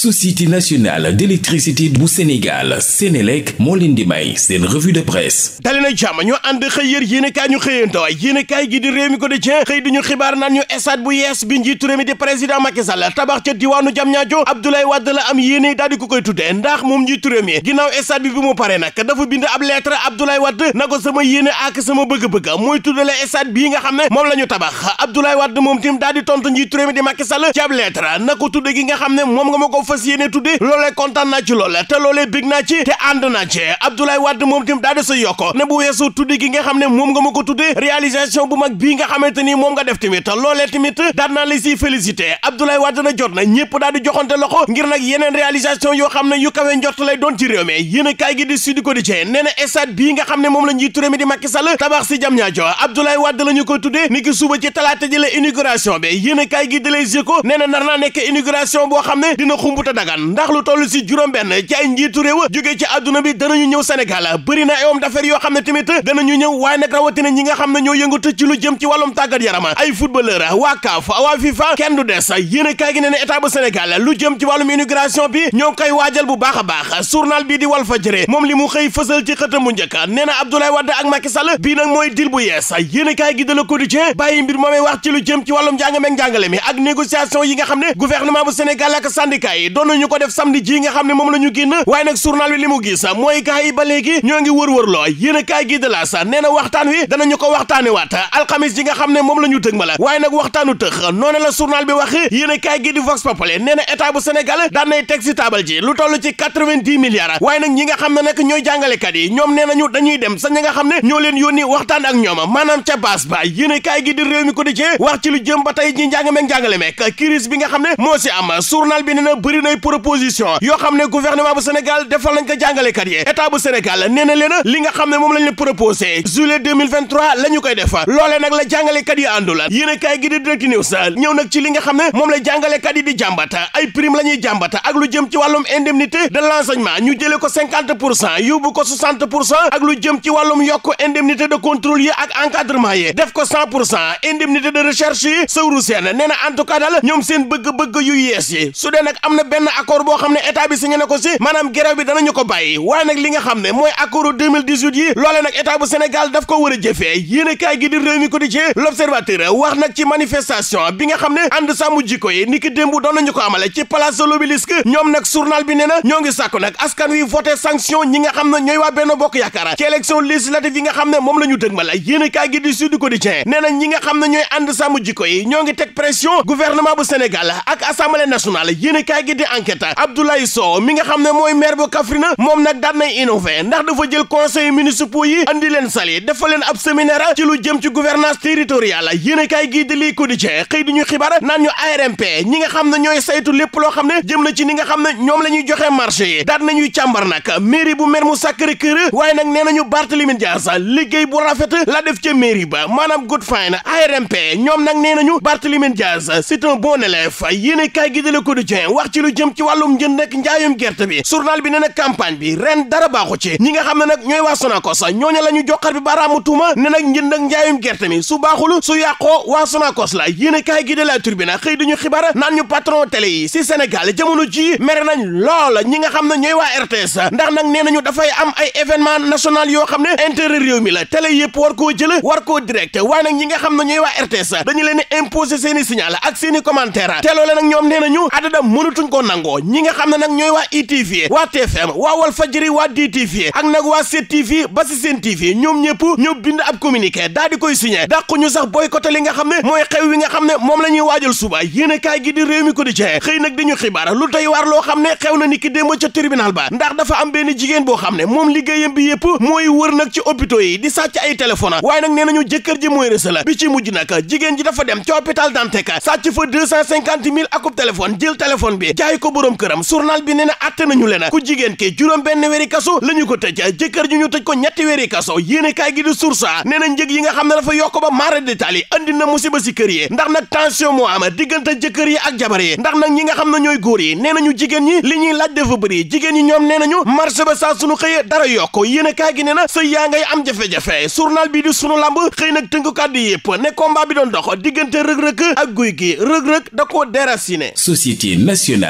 société nationale d'électricité bu Sénégal Sénélec moo leen di may seen revue de presse dali na jàmm ñu ànd xëy yër yéenekaay ñu xëyanto yéenekaay gi di Rewmi Quotidien xëy di ñu xibaar naan ñu estade bu yees bi njiitu réew mi di président Macky Sall tabax ca diwaanu Diamniadio Abdoulaye Wade la am yéene daal ko koy tuddee ndax moom njiitu réew mi ginnaaw estade bi bi mu pare nag dafa bind ab lettre Abdoulaye Wade na ko sama yéene ak la ñu tabax Abdoulaye Wade moom tim daal nga xam ne moom nga ma fas yéene tudde loolee kontaan naa ci loolee te loolee bég ci te ànd ci Abdoulaye Wade moom tim daal di yokko ne bu weesoo ki nga xam ne moom nga ma ko tudde réalisation bu mag bii nga xam xamante ni moom nga def tamit loolee tamit daan naa la siy félicité Abdoulaye na jot na ñëpp daal di joxante loxo ngir nag yeneen réalisation yoo xam ne yu kawe njort lay doon ci réew mi yéen a kaay gi di Sud Quotidien nee na stade bii nga xam ne moom la njiitu réew mi di Macky Sall tabax si Diamniadio Abdoulaye Wade la ñu ko tuddee ni ki suba ci a kaay gi di Les Échos nee na xam ne bopp te dagan ndax lu toll si juróom-benn ci ay njiitu réew jógee ci àdduna bi danañu ñëw Sénégal bëri na ay homme yoo xam ne tamit danañu ñëw waaye nag rawatina ñi nga xam ne ñoo yëngatu ci lu jëm ci wàllum tàggat yaram ay footballeur waa a waa FIFA kenn du des yéen kaay gi ne ne état bu Sénégal lu jëm ci wàllum immigration bi ñoo koy waajal bu baax a baax journal bi di Walf Fadjri moom li mu xëy fësal ci xëtam mu njëkk a na Abdoulaye Wade ak Macky Sall bii nag mooy dil bu yees yéen kaay gi de Le Quotidien bàyyi mbir moomee wax ci lu jëm ci wàllum njàng meeg njàngale mi ak négociation yi nga xam ne gouvernement bu Sénégal ak syndicat yi yi doon nañu ko def samedi ji nga xam ne moom la ñu génn waaye nag journal bi li mu gis mooy gars yi ba léegi ñoo ngi wërwërloo yéen a kaay gi de la sa nee na waxtaan wi danañu ko waxtaane waat alxamis ji nga xam ne moom la ñu tëg ma la waaye nag waxtaanu tëx noonu la journal bi wax yéen a kaay gi di vox populi nee na état bu Sénégal daan nay teg si taabal ji lu toll ci quatre-vingt-dix milliards waaye nag ñi nga xam ne nag ñooy jàngalekat yi ñoom nee nañu dañuy dem sax ñi nga xam ne ñoo leen yónni waxtaan ak ñooma maanaam ca a kaay gi di ko di ci wax jëm ba tey ji njàng meeg njàngale bi nga xam ne moo si am journal bi na indi nay proposition yoo xam ne gouvernement bu Sénégal defal nañ ko jàngalekat yi état bu Sénégal nee na leen li nga xam ne moom lañ la proposé juillet 2023 la ñu koy def loolee nag la jàngalekat yi àndu la yéen a kaay gi di direct ñëw nag ci li nga xam ne moom la jàngalekat yi di jàmbat ay prime la ñuy jàmbat ak lu jëm ci wàllum indemnité de l'enseignement ñu jëlee ko 50 pour cent bu ko 60 pour cent ak lu jëm ci wàllum yokk indemnité de contrôle yi ak encadrement yi ko 100 pour cent indemnité de recherche yi sawru seen nee na en tout cas daal ñoom seen bëgg-bëgg yu yees yi su benn accord boo xam ne état bi signé na ko si maanaam grève bi danañu ko bàyyi waaye nag li nga xam ne mooy accord 2018 yi loole nag état bu Sénégal daf ko war a jëfee yéenekaay gi di Rewmi Quotidien L'Observateur wax nag ci manifestation bi nga xam ne ànd sàmm jikko yi niki démb doon nañu ko amale ci place de l'Obélisque ñoom nag journal bi nee na ñoo ngi sàkku nag askan wi voté sanction ñi nga xam ne ñooy waa Benno Bokk Yaakaar ci élection législative yi nga xam moom la ñu dëgmal yéenekaay gi di Sud Quotidien nee na ñi nga xam ne ñooy ànd sàmm jikko yi ñoo ngi teg pression gouvernement bu Sénégal ak Assemblée nationale yéenekaay gi di enquête Abdoulaye Sow mi nga xam ne mooy maire bu Kaffrine moom nag daan nay innové ndax dafa jël conseil municipaux yi andi leen sali dafa ab séminaire ci lu jëm ci gouvernance territoriale yéen kaay gii ko di cee xëy di ñu xibaar naan ñu ARMP ñi nga xam ne ñooy saytu lépp loo xam ne jëm na ci ni nga xam ne ñoom la ñuy joxe marché yi daan nañuy càmbar nag mairie bu Mermoz Sacré-Cœur waaye nag nee nañu Barthélémy Dias liggéey bu rafet la def lu jëm ci wàllum njënd ak njaayum gerte bi journal bi nee na bi ren dara baaxu ci ñi nga xam ne nag ñooy waa la ñu joxar bi baaraamu tuuma ne nag njënd ak njaayum gerte mi su baaxul su yàqoo waa Sonacos la yéen a kaay gi de la turbina xëy duñu naan ñu patron télé yi si Sénégal jamono ji mere nañ loola ñi nga xam ne ñooy waa RTS ndax nag nee nañu dafay am ay événement national yoo xam ne intérêt réew mi la télé yëpp war koo jël war koo direct waaye nag ñi nga koo nangoo ñi nga xam ne nag ñooy waa ITV e waa TFM waa Walfadjri waa DTV ak nag waa CTV e ba si seen TV ñoom ñëpp ñoo bind ab communiqué daal di koy signé dàqu ñu sax boycotté li nga xam ne mooy xew wi nga xam ne moom la ñuy waajal suba yéen a gi di réew mi ko di cee xëy nag dañu xibaar lu tey waar loo xam ne xew na ni ki démb ca tribunal ba ndax dafa am benn jigéen boo xam ne moom liggéeyam bi yëpp mooy wër nag ci hôpitaux yi di sàcc ay téléphone waaye nag nañu jëkkër ji mooy rësa la bi ci mujj jigéen ji dafa dem ci hôpital Dantec fa deux cent cinquante mille akub téléphone jël téléphone bi jaay ko boroom këram journal bi nee atte àtte nañu leen ku jigéen ki juróom benn weeri kaso la ñu ko tëj jëkkër ju ñu tëj ko ñetti weeri kaso yéene kaay gi di source nee na njëg yi nga xam ne dafa yokk ba maara détail yi andi na musiba si kër yi ndax nag tension moo am diggante jëkkër yi ak jabar yi ndax nag ñi nga xam ne ñooy góor yi nee nañu jigéen ñi li ñuy laaj dafa bëri jigéen ñi ñoom nee nañu marché ba saa sunu xëyee dara yokk yéene kaay gi nee na sa yaa ngay am jafe-jafe journal bi di sunu lamb xëy nag tënk kàddu yëpp ne combat bi doon dox diggante rëg-rëg ak guy gi rëg da koo déraciner société nationale